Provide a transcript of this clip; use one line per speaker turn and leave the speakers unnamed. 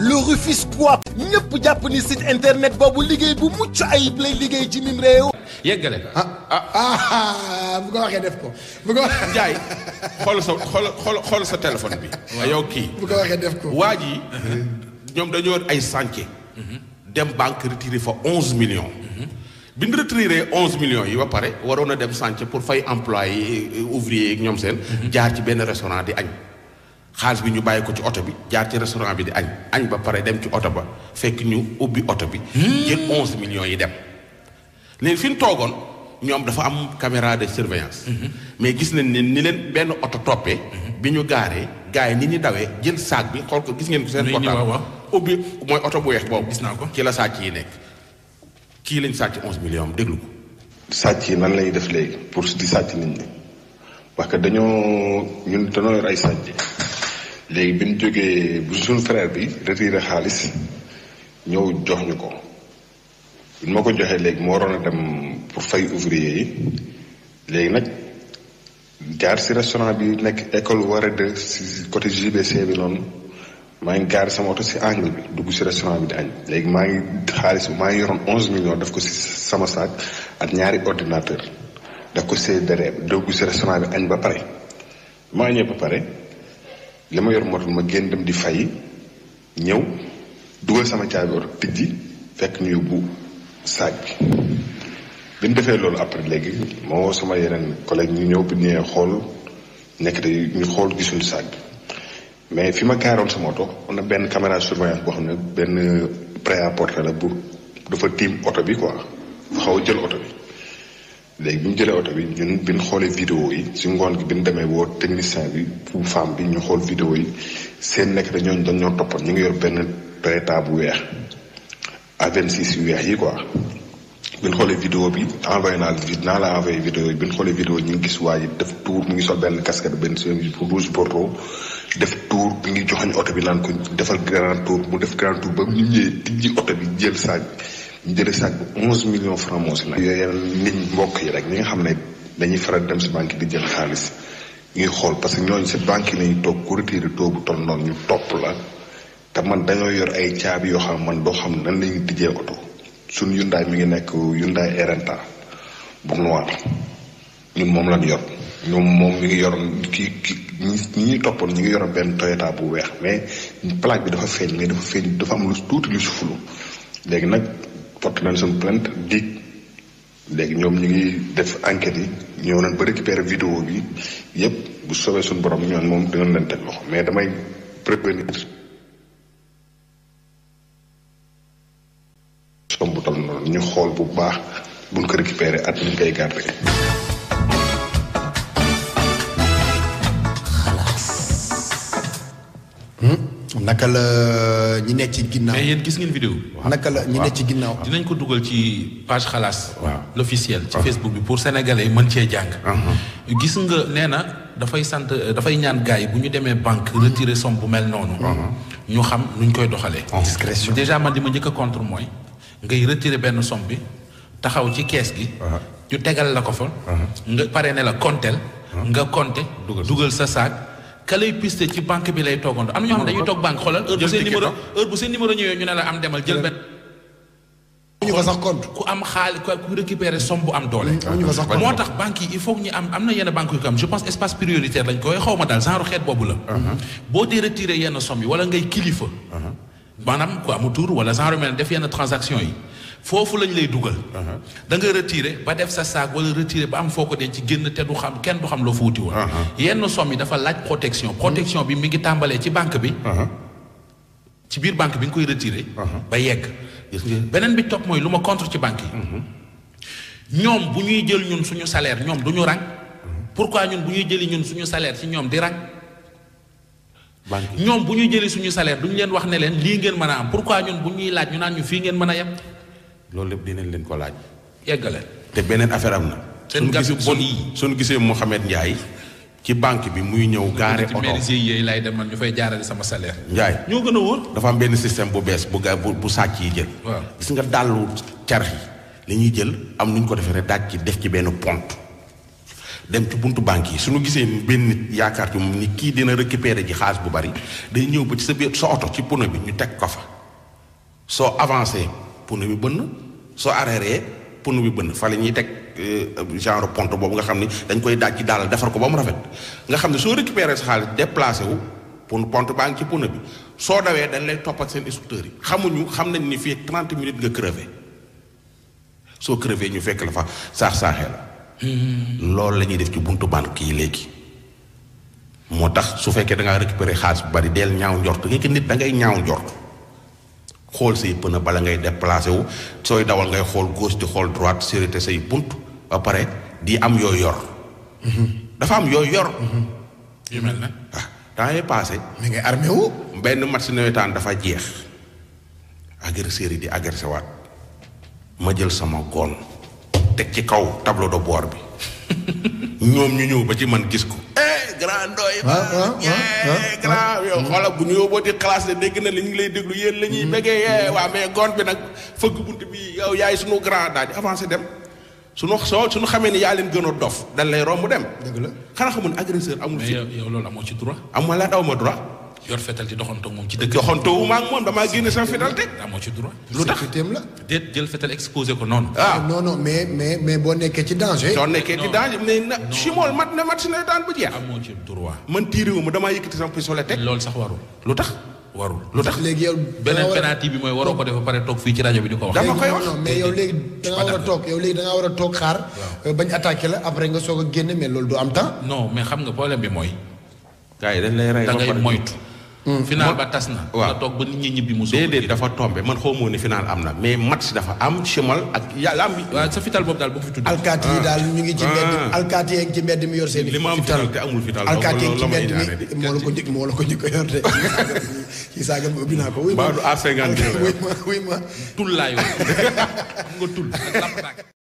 le Rufisquois ñëpp japp ni site internet bobu liggéey bu mucc ayib lay liggéey ci mim réew. yeggale. Ah ah, ah ah bu ko pas def ko bu ko. Ndiaye xool sa xol sa téléphone bi. yow ki bu ko waxee def ko. waa ñom dañu wone ay sànke. Mhm. dem banque retirer fa onze millions. Mhm. bi ñu retiré onze millions yi ba pare waroon a dem sànke pour fay employé ouvrier ñom sen mhm. jaar ci ben restaurant di xaalis bi ñu bàyyi ko ci oto bi jaar ci restaurant bi di añ añ ba pare dem ci oto ba fekk ñu ubbi oto bi hmm. jël onze millions yi dem léegi fi ñu toogoon ñoom dafa am caméra de surveillance hmm. mais gis nañ ne ni leen benn oto toppee hmm. bi ñu gaaree gars yi ni ñu dawee jël saag bi xool ko gis ngeen ko seen portable ubbi mooy oto bu weex boobu gis naa ko ci la sàcc yi nekk kii lañ sàcc onze
millions déglu ko sàcc yi nan lañuy def léegi pour di sàcc nit ñi parce que dañoo ñun dañoo yor ay sàcc léegi bi ñu jógee bu suñu frère bi retiré xaalis ñëw jox ñu ko bi ma ko joxee léegi moo waroon a dem pour fay ouvrier yi léegi nag gaar si restaurant bi nekk école wara de si côté GBC bi noonu maa ngi gaar sama oto si angle bi dugg si restaurant bi di añ léegi maa ngi xaalis maa ngi yoroon onze millions def ko si sama saak at ñaari ordinateur daf ko see deree dugg si restaurant bi añ ba pare maa ñëw ba pare li ma yor moo ma génn dem di fay ñëw dugal sama caabi oto tijji fekk ñu yóbbu saaj bi bi ñu defee loolu après léegi moo sama yeneen collègue ñu ñëw bi ñëwee xool nekk te ñu xool gisuñu saaj bi mais fi ma gaaroon sama oto on a benn caméra surveillance boo xam ne benn prêt à la bu dafa tiim oto bi quoi xaw jël oto bi léegi bi mu jëlee oto bi ñun bi ñu xoolee vidéo yi si ngoon gi bi ñu demee woo technicien bi bu femme bi ñu xool vidéo yi seen nekk da dañ ñoo toppoon ñu ngi yor benn Beretta bu weex A26 yu weex yi quoi bi xoolee vidéo bi envoyé naa naa la envoyé vidéo xoolee vidéo ñu ngi gis waa ji def tour mu ngi sol benn casquette benn service bu rouge bordeaux def tour bi ngi joxoñ oto bi naan ko defal grand tour mu def grand tour ba mu ñëwee tijji oto bi jël saaj ñu jëlee sac bu onze millions francs moo si nag yeneen nit mbokk yi rek ñi nga xam ne dañuy faral dem si banque di jël xaalis ñuy xool parce que ñooñu si banque yi nañu toog ku retiré taux bu ñu topp la te man dañoo yor ay caabi yoo xam man doo xam nan lañuy tijjee oto suñu Hyundai mi ngi nekk Hyundai Erenta bu noir ñun moom lañ yor ñoom moom mi ngi yoroon ki ki ñi ñuy toppoon ñu ngi yoroon benn Toyota bu weex mais plaque bi dafa feeñ mais dafa feeñ dafa am lu tuuti lu sufulu léegi nag porte nañ suñu plainte dig léegi ñoom ñu ngi def enquête yi ñëw nañ ba récupérer vidéo bi yépp bu soobee suñu borom ñoon moom dinañ leen teg loxo mais damay prévenir sombu tal noonu ñu xool bu baax buñ ko récupérer at ñu koy garder naka la ñi nekk ci ginnaaw mais yéen gis la ñi ci ginnaaw.
dinañ ko dugal ci page xalaas. waaw l' officiel ci Facebook bi pour sénégalais yi mën cee jàng. Uh-huh. gis nga nee na dafay sant dafay ñaan gars yi bu ñu demee banque retirer somme bu mel noonu. Uh-huh. ñu xam nuñ koy doxalee. Oh. discrétion déjà man di ma njëkk contre mooy ngay retirer benn somme bi taxaw ci kees gi. Uh-huh. ñu tegal la ko fa. nga pare ne la kontel nga compter. dugal sa saak. ka lay piste ci banque bi lay toogandoo am na ñoo xam ne dañuy toog banque xoolal heure bu seen numéro ñëwee ñu ne la am demal jël benn. ñu ko compte ku am xaalis ku récupérer somme bu am doole. moo tax banque yi il faut ñu am am na yenn banque yu ko am je pense espace prioritaire lañ koy xaw ma daal genre xeet boobu la. Uh-huh. boo dee retiré yenn somme yi wala ngay kilifa. Uh-huh. maanaam ku amu tur wala genre mel def yenn transaction yi. foofu lañu lay dugal. Uh-huh. da nga retiré ba def sa saag wala retiré ba am foo ko denc génn te du xam kenn du xam loo fa wuti woon. Uh-huh. yenn somme yi dafa laaj protection protection bi mi ngi tàmbalee ci banque bi. Uh-huh. ci biir banque bi nga koy retiré. ba yegg. beneen bi topp mooy lu ma contre ci banque yi. ñoom bu ñuy jël ñun suñu salaire ñoom du ñu pour pourquoi ñun bu ñuy jëli ñun suñu salaire ci ñoom di rang. ñoom bu ñuy jëli suñu salaire duñu leen wax ne leen lii ngeen mën a am pourquoi ñun bu ñuy laaj ñu naan ñu ngeen mën a yem. loolu lépp dinañ leen ko laaj. yeggale te beneen affaire am na. seen gàtt bon yi suñu gisee Mouhamed Ndiaye. ci banque bi muy ñëw gaare oto laay dem man ñu fay jaarale sama salaire. Ndiaye ñoo gën a wóor. dafa am benn système bu bees bu ga bu bu sàcc yi jël. waaw gis nga dàllu car yi. li ñuy jël am nu ñu ko defee rek daaj ci def ci benn pont. dem ci bunt banque yi suñu gisee benn nit yaakaar ci moom nit kii dina récupérer ji xaalis bu bari day ñëw ba ci sa biir sa oto ci pono bi ñu teg ko fa soo avancé. pneu bi bënn soo arrêté pneu bi bënn fa la ñuy teg euh, genre pont boobu nga xam ni dañ koy daaj ci daalal defar ko ba mu rafet nga xam ne soo récupéré sa xaalis déplacé wu pour pont baa ngi ci pneu bi soo dawee dañ lay topp seen instructeurs yi xamuñu xam nañ ni fii 30 minutes nga crevé soo crevé ñu fekk la fa saax saaxee la. Hmm. loolu lañuy def ci buntu banque kii léegi. moo tax su fekkee da ngaa récupéré xaalis bu bari del ñaaw njort léegi nit da ngay ñaaw njort. xool say pëna bala ngay déplacé wu sooy dawal ngay xool gauche di xool droite sérété say bunt ba pare di am yoo yor dafa am yoo yor yu mel na ah temps yee passé mi ngay armé wu benn match nawetaan dafa jeex agresseur yi di agressé waat ma jël sama gol, teg ci kaw tableau de bord bi ñoom ñu ñëw ba ci man gis ko grand doy. waaw grand yow xoolal bu ñu yóbbooti classe de dégg na li ñu lay déglu yéen la ñuy mm. bëggee yee mm. waaw mais gone bi nag fëgg bunt bi yow yaay sunu grand daal di avancé dem. suñu soo suñu xamee ni yaa leen gën a dof dañ lay romb dem. dëgg la xanaa xamul agresseur amul. mais yow loolu amoo ci droit. am la daw ma droit. yor fetal di doxantoo moom ci dëkk. doxantoo wu ma ak moom damaa génne sama fetal teg. amoo ci droit ah. eh, mais mais boo nekkee ci na chimol mat na mat si na daan bu amoo ci droit. man tiiree wu ma damaa yëkkati sama pistolet teg. loolu sax warul lu tax. warul lu tax léegi yow. beneen penalty bi mooy waroo ko def pare toog fii ci rajo bi di ko wax. dama koy wax mais yow léegi da war a ah, toog yow léegi da war a toog xaar. Euh, bañ attaqué la après nga soog a génne mais loolu du am temps. non mais xam nga problème bi mooy. gars yi dañ lay moytu. Hmm. final ba tas na. waaw toog ba nit ñi ñibbi mu. déedéet dafa tombé man xaw ma ne final am na mais match dafa am chemal ak yàlla am. waaw sa fital boobu daal bu fi tudd. alkaati yi daal ñu ngi ci mbedd. Ah.
alkaati yeeg ci li ma am fital te
amul fital. alkaati yeeg ci mbedd
mi moo la ko njëkk moo la ko njëkk a yor de. ci saagal bi ubbi naa ko. wuy ma wuy ma wuy ma. tull laa nga tull ak